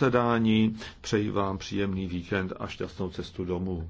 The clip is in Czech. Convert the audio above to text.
zadání. Přeji vám příjemný víkend a šťastnou cestu domů.